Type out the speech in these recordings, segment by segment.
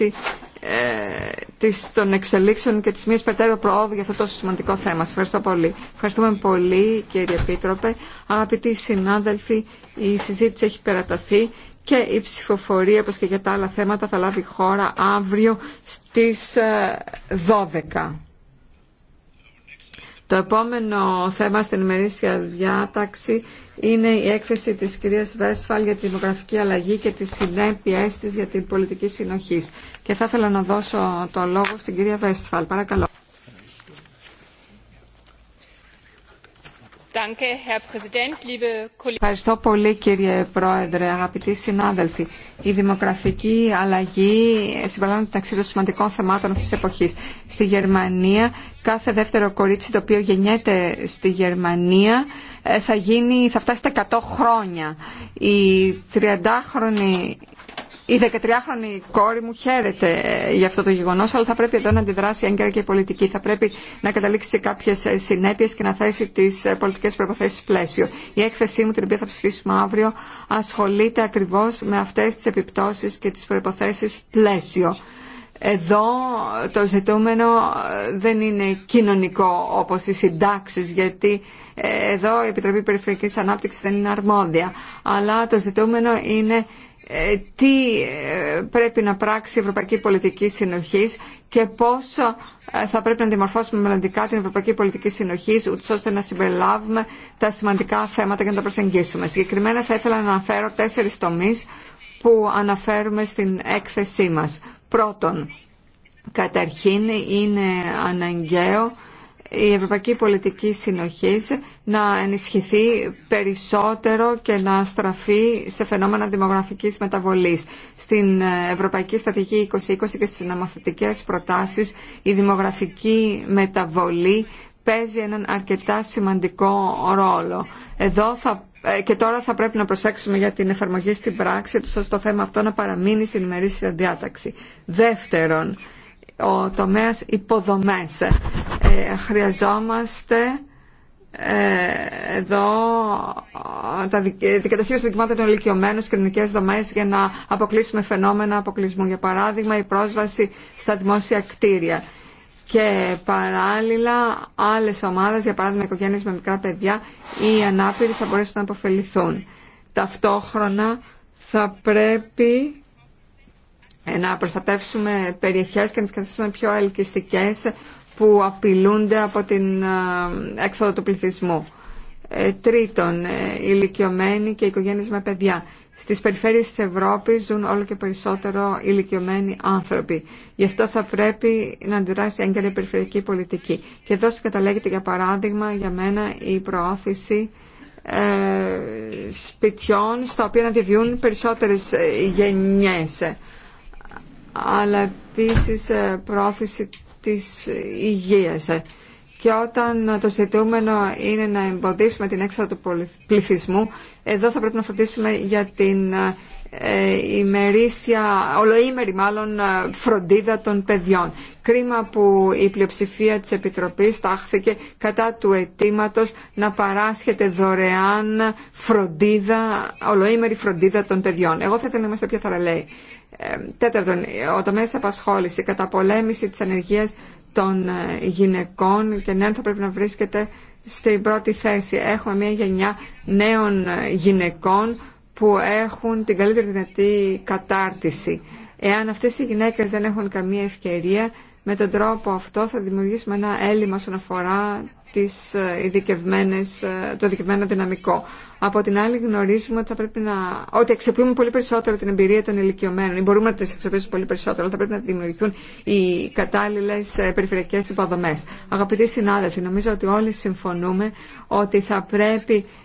Ε, της, των εξελίξεων και της μίας περτέρου προόδου για αυτό το σημαντικό θέμα. Σας ευχαριστώ πολύ. Ευχαριστούμε πολύ κύριε Επίτροπε. Αγαπητοί συνάδελφοι, η συζήτηση έχει περαταθεί και η ψηφοφορία όπως και για τα άλλα θέματα θα λάβει χώρα αύριο στις 12. Ε, το επόμενο θέμα στην ημερήσια διάταξη είναι η έκθεση της κυρίας Βέσφαλ για τη δημογραφική αλλαγή και τις συνέπειές της για την πολιτική συνοχής. Και θα ήθελα να δώσω το λόγο στην κυρία Βέσφαλ. Παρακαλώ. Ευχαριστώ πολύ κύριε Πρόεδρε, αγαπητοί συνάδελφοι. Η δημογραφική αλλαγή συμπεριλαμβάνει μεταξύ των σημαντικών θεμάτων αυτής της εποχής. Στη Γερμανία κάθε δεύτερο κορίτσι το οποίο γεννιέται στη Γερμανία ε, θα, φτάσει στα 100 χρόνια. Η 30 η 13χρονη κόρη μου χαίρεται ε, για αυτό το γεγονός, αλλά θα πρέπει εδώ να αντιδράσει έγκαιρα και η πολιτική. Θα πρέπει να καταλήξει σε κάποιες ε, συνέπειες και να θέσει τις ε, πολιτικές προποθέσει πλαίσιο. Η έκθεσή μου, την οποία θα ψηφίσουμε αύριο, ασχολείται ακριβώς με αυτές τις επιπτώσεις και τις προϋποθέσεις πλαίσιο. Εδώ το ζητούμενο δεν είναι κοινωνικό όπως οι συντάξεις γιατί εδώ η Επιτροπή Περιφερειακής Ανάπτυξης δεν είναι αρμόδια αλλά το ζητούμενο είναι ε, τι ε, πρέπει να πράξει η ευρωπαϊκή πολιτική συνοχής και πώ ε, θα πρέπει να διαμορφώσουμε μελλοντικά την ευρωπαϊκή πολιτική συνοχής ώστε να συμπεριλάβουμε τα σημαντικά θέματα και να τα προσεγγίσουμε. Συγκεκριμένα θα ήθελα να αναφέρω τέσσερι τομεί που αναφέρουμε στην έκθεσή μας. Πρώτον, καταρχήν είναι αναγκαίο η ευρωπαϊκή πολιτική συνοχής να ενισχυθεί περισσότερο και να στραφεί σε φαινόμενα δημογραφικής μεταβολής. Στην Ευρωπαϊκή Στατική 2020 και στις νομοθετικές προτάσεις η δημογραφική μεταβολή παίζει έναν αρκετά σημαντικό ρόλο. Εδώ θα ε, και τώρα θα πρέπει να προσέξουμε για την εφαρμογή στην πράξη, ώστε το θέμα αυτό να παραμείνει στην ημερήσια διάταξη. Δεύτερον, ο τομέας υποδομές. Ε, χρειαζόμαστε ε, εδώ τα ε, δικαιοτοχή των δικαιωμάτων των ηλικιωμένων στι κοινωνικέ δομέ για να αποκλείσουμε φαινόμενα αποκλεισμού. Για παράδειγμα, η πρόσβαση στα δημόσια κτίρια. Και παράλληλα, άλλε ομάδε, για παράδειγμα, οικογένειε με μικρά παιδιά ή οι ανάπηροι θα μπορέσουν να αποφεληθούν. Ταυτόχρονα, θα πρέπει ε, να προστατεύσουμε περιοχές και να τις καταστήσουμε πιο ελκυστικές που απειλούνται από την ε, έξοδο του πληθυσμού. Ε, τρίτον, ηλικιωμένοι και οικογένειες με παιδιά. Στις περιφέρειες της Ευρώπης ζουν όλο και περισσότερο ηλικιωμένοι άνθρωποι. Γι' αυτό θα πρέπει να αντιδράσει έγκαιρη περιφερειακή πολιτική. Και εδώ συγκαταλέγεται για παράδειγμα για μένα η προώθηση σπιτιών στα οποία να διαβιούν περισσότερες γενιές αλλά επίσης ε, πρόθεση της υγείας. Ε, και όταν το ζητούμενο είναι να εμποδίσουμε την έξοδο του πληθυσμού, εδώ θα πρέπει να φροντίσουμε για την ε, ημερήσια, ολοήμερη μάλλον, φροντίδα των παιδιών. Κρίμα που η πλειοψηφία της Επιτροπής τάχθηκε κατά του αιτήματο να παράσχεται δωρεάν φροντίδα, ολοήμερη φροντίδα των παιδιών. Εγώ θα ήθελα να είμαστε πιο θαραλέοι. Τέταρτον, ο τομέας απασχόληση, η καταπολέμηση της ανεργίας των ε, γυναικών και νέων θα πρέπει να βρίσκεται στην πρώτη θέση. Έχουμε μια γενιά νέων ε, γυναικών που έχουν την καλύτερη δυνατή κατάρτιση. Εάν αυτές οι γυναίκες δεν έχουν καμία ευκαιρία, με τον τρόπο αυτό θα δημιουργήσουμε ένα έλλειμμα όσον αφορά τις ε, ε, το ειδικευμένο δυναμικό. Από την άλλη γνωρίζουμε ότι θα πρέπει να. ότι πολύ περισσότερο την εμπειρία των ηλικιωμένων ή μπορούμε να τις αξιοποιήσουμε πολύ περισσότερο. Θα πρέπει να δημιουργηθούν οι κατάλληλες ε, περιφερειακές υποδομές. Αγαπητοί συνάδελφοι, νομίζω ότι όλοι συμφωνούμε ότι θα πρέπει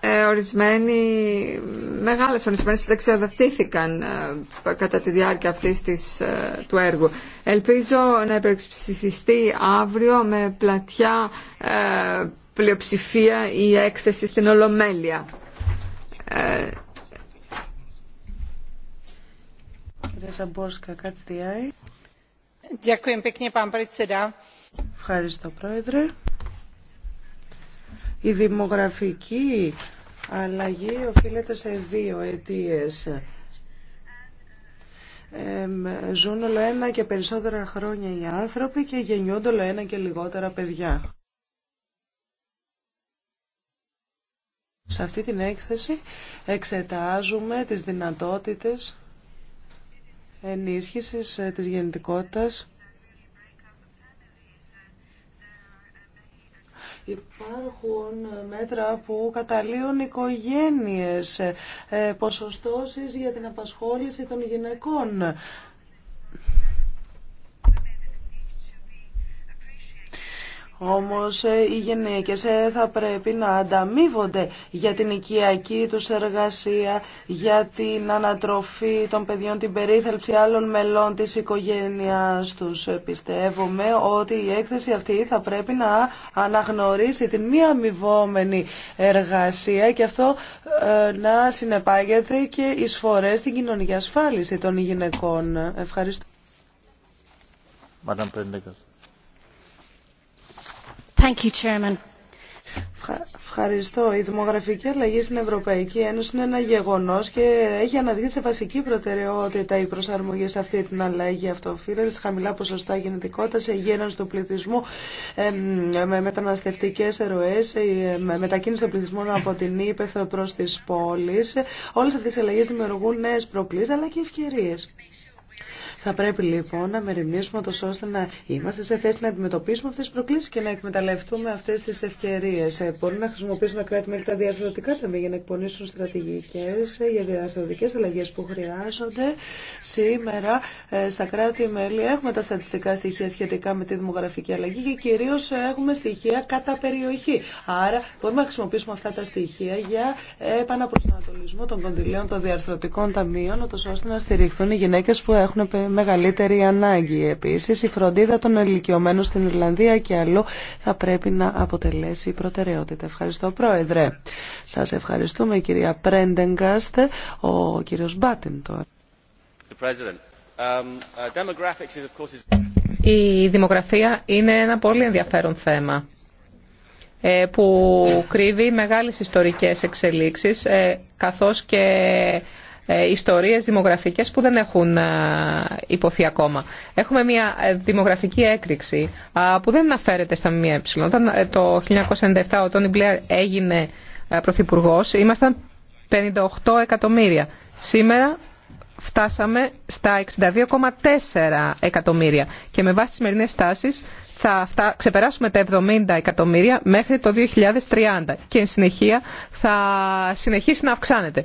Ε, ορισμένοι μεγάλες ορισμένες δεξιοδοτήθηκαν ε, κατά τη διάρκεια αυτής της, ε, του έργου. Ελπίζω να υπερψηφιστεί αύριο με πλατιά πλειοψηφία η έκθεση στην Ολομέλεια. Ευχαριστώ, Πρόεδρε. Η δημογραφική αλλαγή οφείλεται σε δύο αιτίες. ζουν όλο ένα και περισσότερα χρόνια οι άνθρωποι και γεννιούνται όλο ένα και λιγότερα παιδιά. Σε αυτή την έκθεση εξετάζουμε τις δυνατότητες ενίσχυσης ε, της γεννητικότητας Υπάρχουν μέτρα που καταλύουν οικογένειες, ε, ποσοστώσεις για την απασχόληση των γυναικών. Όμως ε, οι γυναίκες ε, θα πρέπει να ανταμείβονται για την οικιακή τους εργασία, για την ανατροφή των παιδιών, την περίθαλψη άλλων μελών της οικογένειάς τους. Πιστεύουμε ότι η έκθεση αυτή θα πρέπει να αναγνωρίσει την μη αμοιβόμενη εργασία και αυτό ε, να συνεπάγεται και εισφορές στην κοινωνική ασφάλιση των γυναικών. Ευχαριστώ. Ευχαριστώ. Η δημογραφική αλλαγή στην Ευρωπαϊκή Ένωση είναι ένα γεγονό και έχει αναδείξει σε βασική προτεραιότητα η προσαρμογή σε αυτή την αλλαγή. Αυτό οφείλεται σε χαμηλά ποσοστά γεννητικότητα, σε γέννηση του πληθυσμού, με μεταναστευτικέ ροέ, με μετακίνηση των πληθυσμών από την ύπεθρο προ τι πόλει. Όλε αυτέ οι αλλαγέ δημιουργούν νέε προκλήσει αλλά και ευκαιρίε. Θα πρέπει λοιπόν να μεριμνήσουμε τόσο ώστε να είμαστε σε θέση να αντιμετωπίσουμε αυτέ τι προκλήσει και να εκμεταλλευτούμε αυτέ τι ευκαιρίε. Ε, μπορεί να χρησιμοποιήσουν τα κράτη-μέλη τα διαρθρωτικά ταμεία για να εκπονήσουν στρατηγικέ ε, για διαρθρωτικέ αλλαγέ που χρειάζονται. Σήμερα ε, στα κράτη-μέλη έχουμε τα στατιστικά στοιχεία σχετικά με τη δημογραφική αλλαγή και κυρίω έχουμε στοιχεία κατά περιοχή. Άρα μπορούμε να χρησιμοποιήσουμε αυτά τα στοιχεία για επαναπροσανατολισμό των κονδυλίων των διαρθρωτικών ταμείων, ώστε να στηριχθούν οι γυναίκε που έχουν μεγαλύτερη ανάγκη. Επίσης, η φροντίδα των ελικιωμένων στην Ιρλανδία και αλλού θα πρέπει να αποτελέσει προτεραιότητα. Ευχαριστώ, Πρόεδρε. Σας ευχαριστούμε, κυρία Πρέντεγκαστ. Ο κύριος Μπάτιν τώρα. Η δημογραφία είναι ένα πολύ ενδιαφέρον θέμα ε, που κρύβει μεγάλες ιστορικές εξελίξεις ε, καθώς και ε, ιστορίες δημογραφικές που δεν έχουν ε, υποθεί ακόμα. Έχουμε μια ε, δημογραφική έκρηξη που δεν αναφέρεται στα ΜΜΕ. Όταν το 1997 ο Τόνι Μπλερ έγινε πρωθυπουργός, ήμασταν 58 εκατομμύρια. Σήμερα φτάσαμε στα 62,4 εκατομμύρια και με βάση τις σημερινές τάσεις θα ξεπεράσουμε τα 70 εκατομμύρια μέχρι το 2030 και εν συνεχεία θα συνεχίσει να αυξάνεται.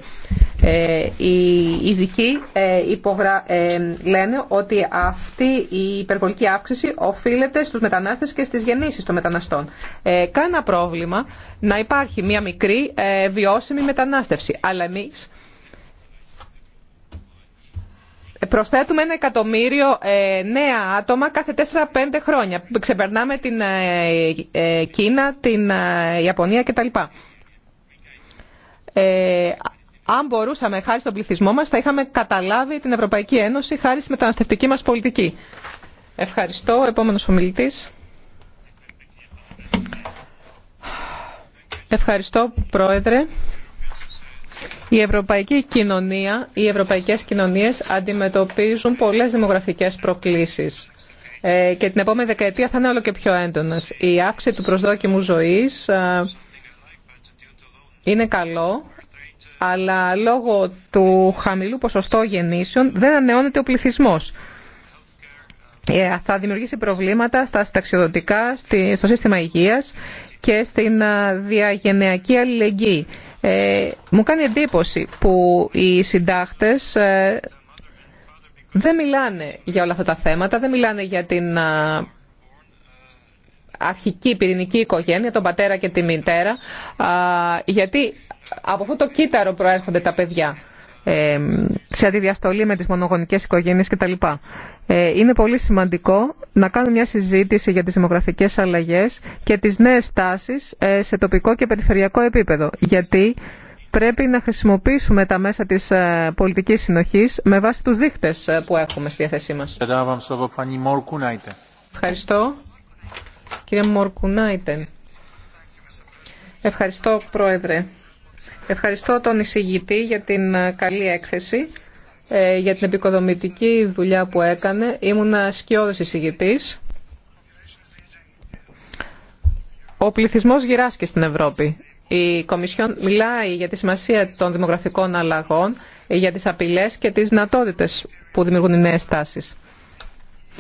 Ε, οι ειδικοί ε, υπογρα... Ε, λένε ότι αυτή η υπερβολική αύξηση οφείλεται στους μετανάστες και στις γεννήσεις των μεταναστών. Ε, κάνα πρόβλημα να υπάρχει μια μικρή ε, βιώσιμη μετανάστευση. Αλλά εμείς προσθέτουμε ένα εκατομμύριο ε, νέα άτομα κάθε 4-5 χρόνια. Ξεπερνάμε την ε, ε, Κίνα, την Ιαπωνία κτλ. Ε, αν μπορούσαμε χάρη στον πληθυσμό μας θα είχαμε καταλάβει την Ευρωπαϊκή Ένωση χάρη στη μεταναστευτική μας πολιτική. Ευχαριστώ. Επόμενος ομιλητής. Ευχαριστώ, Πρόεδρε. Η ευρωπαϊκή κοινωνία, οι ευρωπαϊκές κοινωνίες αντιμετωπίζουν πολλές δημογραφικές προκλήσεις ε, και την επόμενη δεκαετία θα είναι όλο και πιο έντονες. Η αύξηση του προσδόκιμου ζωής ε, είναι καλό, αλλά λόγω του χαμηλού ποσοστό γεννήσεων δεν αναιώνεται ο πληθυσμός. Ε, θα δημιουργήσει προβλήματα στα συνταξιοδοτικά, στο σύστημα υγείας και στην διαγενειακή αλληλεγγύη. Ε, μου κάνει εντύπωση που οι συντάχτες ε, δεν μιλάνε για όλα αυτά τα θέματα, δεν μιλάνε για την αρχική πυρηνική οικογένεια, τον πατέρα και τη μητέρα, γιατί από αυτό το κύτταρο προέρχονται τα παιδιά ε, σε αντιδιαστολή με τις μονογονικές οικογένειες κτλ. Ε, είναι πολύ σημαντικό να κάνουμε μια συζήτηση για τις δημογραφικές αλλαγές και τις νέες τάσεις ε, σε τοπικό και περιφερειακό επίπεδο. Γιατί πρέπει να χρησιμοποιήσουμε τα μέσα της ε, πολιτικής συνοχής με βάση τους δείχτες που έχουμε στη διάθεσή μας. Ευχαριστώ. Κύριε Μορκουνάιτεν. Ευχαριστώ, Πρόεδρε. Ευχαριστώ τον εισηγητή για την καλή έκθεση ε, για την επικοδομητική δουλειά που έκανε. Ήμουνα σκιώδης εισηγητής. Ο πληθυσμός γυράσκει στην Ευρώπη. Η Κομισιόν μιλάει για τη σημασία των δημογραφικών αλλαγών, για τις απειλές και τις δυνατότητε που δημιουργούν οι νέες τάσεις.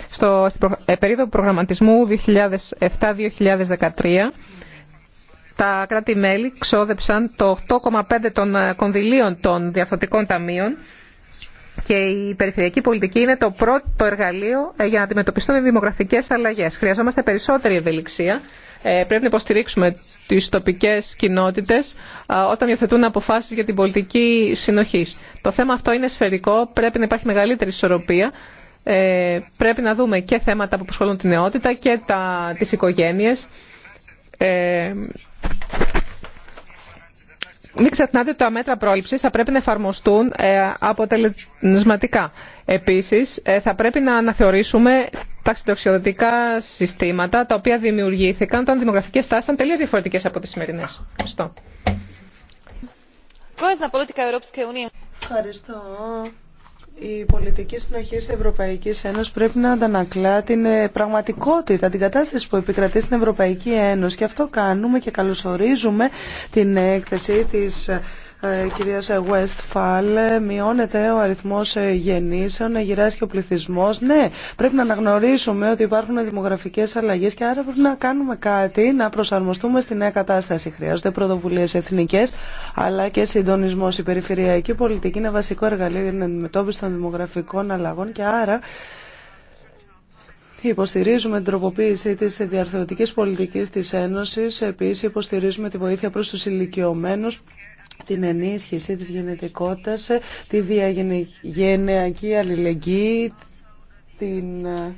Στο, ε, περίοδο προγραμματισμού 2007-2013, τα κράτη-μέλη ξόδεψαν το 8,5 των ε, κονδυλίων των διαφορετικών ταμείων και η περιφερειακή πολιτική είναι το πρώτο εργαλείο ε, για να αντιμετωπιστούν οι δημογραφικέ αλλαγές. Χρειαζόμαστε περισσότερη ευελιξία. Ε, πρέπει να υποστηρίξουμε τι τοπικέ κοινότητε ε, όταν υιοθετούν αποφάσει για την πολιτική συνοχή. Το θέμα αυτό είναι σφαιρικό, πρέπει να υπάρχει μεγαλύτερη ισορροπία. Πρέπει να δούμε και θέματα που απασχολούν την νεότητα και τις οικογένειες μην ξεχνάτε ότι τα μέτρα πρόληψης θα πρέπει να εφαρμοστούν ε, αποτελεσματικά. Επίσης, ε, θα πρέπει να αναθεωρήσουμε τα συντοξιοδοτικά συστήματα τα οποία δημιουργήθηκαν όταν δημογραφικές τάσεις ήταν τελείως διαφορετικές από τις σημερινές. Ευχαριστώ. Ευχαριστώ η πολιτική συνοχή της Ευρωπαϊκής Ένωσης πρέπει να αντανακλά την ε, πραγματικότητα, την κατάσταση που επικρατεί στην Ευρωπαϊκή Ένωση. Και αυτό κάνουμε και καλωσορίζουμε την έκθεση της ε, ε, κυρία Westphal, ε, μειώνεται ο αριθμός ε, γεννήσεων, γυράζει και ο πληθυσμός. Ναι, πρέπει να αναγνωρίσουμε ότι υπάρχουν δημογραφικές αλλαγές και άρα πρέπει να κάνουμε κάτι, να προσαρμοστούμε στη νέα κατάσταση. Χρειάζονται πρωτοβουλίες εθνικές, αλλά και συντονισμός. Η περιφερειακή πολιτική είναι βασικό εργαλείο για την αντιμετώπιση των δημογραφικών αλλαγών και άρα Υποστηρίζουμε την τροποποίησή τη διαρθρωτική πολιτική τη Ένωση. Επίση, υποστηρίζουμε τη βοήθεια προ του ηλικιωμένου την ενίσχυση της γενετικότητας, τη διαγενειακή αλληλεγγύη, την ε,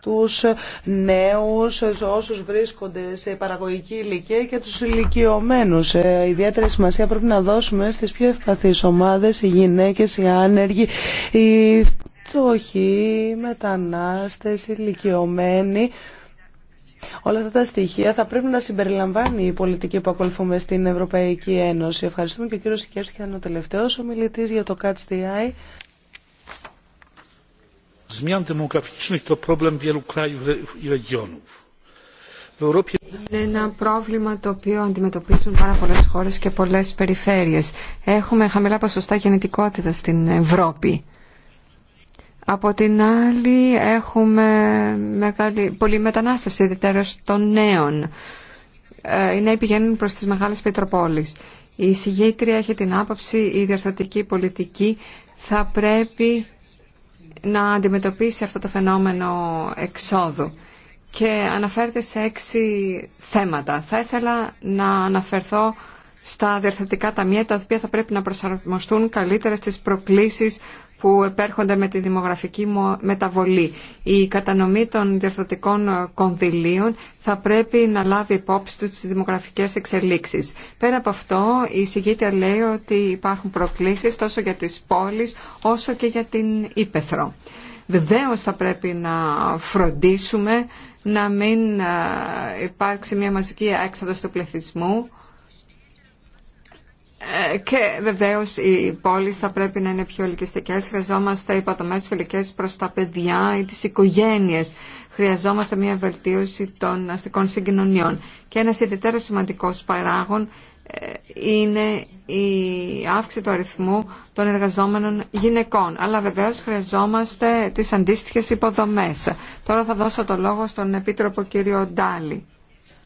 τους νέους, όσους βρίσκονται σε παραγωγική ηλικία και τους ηλικιωμένους. Ε, ιδιαίτερη σημασία πρέπει να δώσουμε στις πιο ευπαθείς ομάδες, οι γυναίκες, οι άνεργοι, οι φτωχοί, οι μετανάστες, οι ηλικιωμένοι. Όλα αυτά τα στοιχεία θα πρέπει να συμπεριλαμβάνει η πολιτική που ακολουθούμε στην Ευρωπαϊκή Ένωση. Ευχαριστούμε και ο κύριο Σικέρσκη ο τελευταίος ομιλητής για το Catch the Eye. Είναι ένα πρόβλημα το οποίο αντιμετωπίζουν πάρα πολλές χώρες και πολλές περιφέρειες. Έχουμε χαμηλά ποσοστά γεννητικότητα στην Ευρώπη. Από την άλλη έχουμε μεγάλη, πολλή μετανάστευση, ιδιαίτερα των νέων. Ε, οι νέοι πηγαίνουν προς τις μεγάλες πετροπόλεις. Η συγγήτρια έχει την άποψη, η διορθωτική πολιτική θα πρέπει να αντιμετωπίσει αυτό το φαινόμενο εξόδου και αναφέρεται σε έξι θέματα. Θα ήθελα να αναφερθώ στα διαρθρωτικά ταμεία τα οποία θα πρέπει να προσαρμοστούν καλύτερα στις προκλήσεις που επέρχονται με τη δημογραφική μεταβολή. Η κατανομή των διαρθρωτικών ε, κονδυλίων θα πρέπει να λάβει υπόψη του τις δημογραφικές εξελίξεις. Πέρα από αυτό, η συγκήτρια λέει ότι υπάρχουν προκλήσεις τόσο για τις πόλεις όσο και για την Ήπεθρο. Βεβαίω θα πρέπει να φροντίσουμε να μην ε, υπάρξει μια μαζική έξοδος του πληθυσμού και βεβαίως οι πόλεις θα πρέπει να είναι πιο ελκυστικέ. Χρειαζόμαστε υποδομέ φιλικές προς τα παιδιά ή τις οικογένειες. Χρειαζόμαστε μια βελτίωση των αστικών συγκοινωνιών. Και ένας ιδιαίτερα σημαντικός παράγων ε, είναι η αύξηση του αριθμού των εργαζόμενων γυναικών. Αλλά βεβαίως χρειαζόμαστε τι αντίστοιχες υποδομές. εργαζομενων γυναικων αλλα βεβαιως χρειαζομαστε τι αντιστοιχε υποδομε τωρα θα δώσω το λόγο στον Επίτροπο κύριο Ντάλι.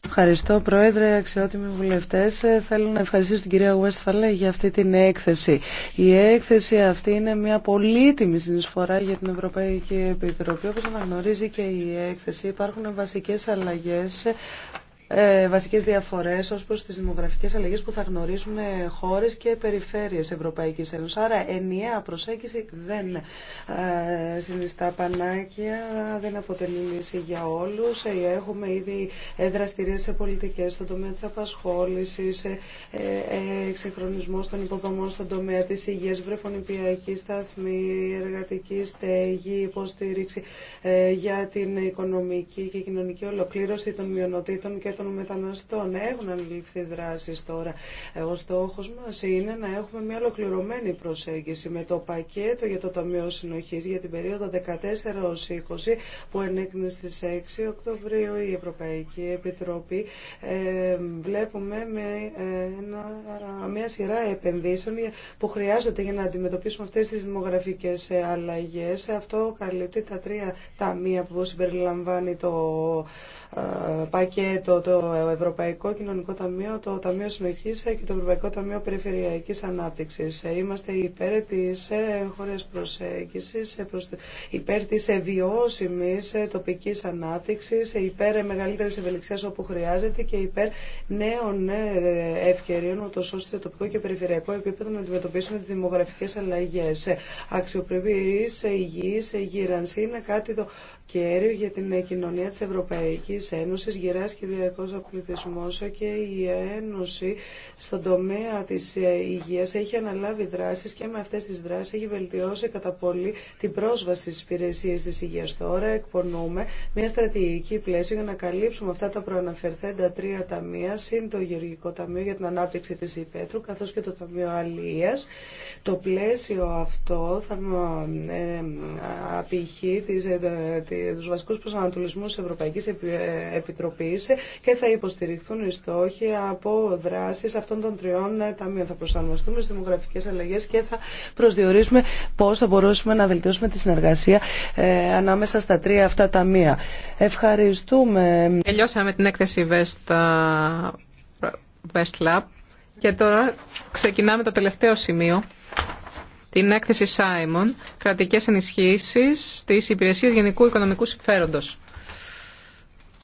Ευχαριστώ Πρόεδρε, αξιότιμοι βουλευτές. Ε, θέλω να ευχαριστήσω την κυρία Westphal για αυτή την έκθεση. Η έκθεση αυτή είναι μια πολύτιμη συνεισφορά για την Ευρωπαϊκή Επιτροπή. Όπως αναγνωρίζει και η έκθεση υπάρχουν βασικές αλλαγές ε, βασικές διαφορές ω προ τι δημογραφικές αλλαγέ που θα γνωρίζουν ε, χώρες και περιφέρειες Ευρωπαϊκής Ένωση. Άρα ενιαία προσέγγιση δεν ε, συνιστά πανάκια, δεν αποτελεί λύση για όλους. Έχουμε ήδη δραστηριε σε πολιτικές στον τομέα της απασχόλησης, εξυγχρονισμό των υποδομών στον τομέα της υγείας, βρεφονιπιακή σταθμή, εργατική στέγη, υποστήριξη για την οικονομική και κοινωνική ολοκλήρωση των μειονοτήτων και των μεταναστών. Έχουν αναλυφθεί δράσει τώρα. Ο στόχο μας είναι να έχουμε μια ολοκληρωμένη προσέγγιση με το πακέτο για το Ταμείο συνοχή για την περίοδο 14-20 που ενέκρινε στις 6 Οκτωβρίου η Ευρωπαϊκή Επιτροπή. Ε, βλέπουμε με ε, μια σειρά επενδύσεων που χρειάζονται για να αντιμετωπίσουμε αυτές τι δημογραφικέ ε, αλλαγέ. Αυτό καλύπτει τα τρία ταμεία που συμπεριλαμβάνει το πακέτο το Ευρωπαϊκό Κοινωνικό Ταμείο, το Ταμείο Συνοχής και το Ευρωπαϊκό Ταμείο Περιφερειακής Ανάπτυξης. Είμαστε υπέρ της χώρες προσέγγισης, υπέρ της βιώσιμης τοπικής ανάπτυξης, υπέρ μεγαλύτερης ευελιξίας όπου χρειάζεται και υπέρ νέων ευκαιρίων, ούτως ώστε τοπικό και περιφερειακό επίπεδο να αντιμετωπίσουμε τις δημογραφικές αλλαγές. Αξιοπρεπής υγιής γύρανση είναι κάτι το κέριο για την κοινωνία της Ευρωπαϊκής Ένωσης, γυράς και ο πληθυσμός και η Ένωση στον τομέα της ε, υγείας έχει αναλάβει δράσεις και με αυτές τις δράσεις έχει βελτιώσει κατά πολύ την πρόσβαση στι υπηρεσίες της υγείας. Τώρα εκπονούμε μια στρατηγική πλαίσιο για να καλύψουμε αυτά τα προαναφερθέντα τρία ταμεία συν το Γεωργικό Ταμείο για την Ανάπτυξη της Υπέτρου καθώς και το Ταμείο Αλίας. Το πλαίσιο αυτό θα ε, απηχεί ε, του τους βασικούς τη Ευρωπαϊκή Ευρωπαϊκής και θα υποστηριχθούν οι στόχοι από δράσει αυτών των τριών ταμείων. Θα προσαρμοστούμε στι δημογραφικέ αλλαγέ και θα προσδιορίσουμε πώ θα μπορούσαμε να βελτιώσουμε τη συνεργασία ε, ανάμεσα στα τρία αυτά ταμεία. Ευχαριστούμε. Τελειώσαμε την έκθεση Vesta, West ε, Lab και τώρα ξεκινάμε το τελευταίο σημείο την έκθεση Simon, κρατικές ενισχύσεις στις υπηρεσίες γενικού οικονομικού συμφέροντος.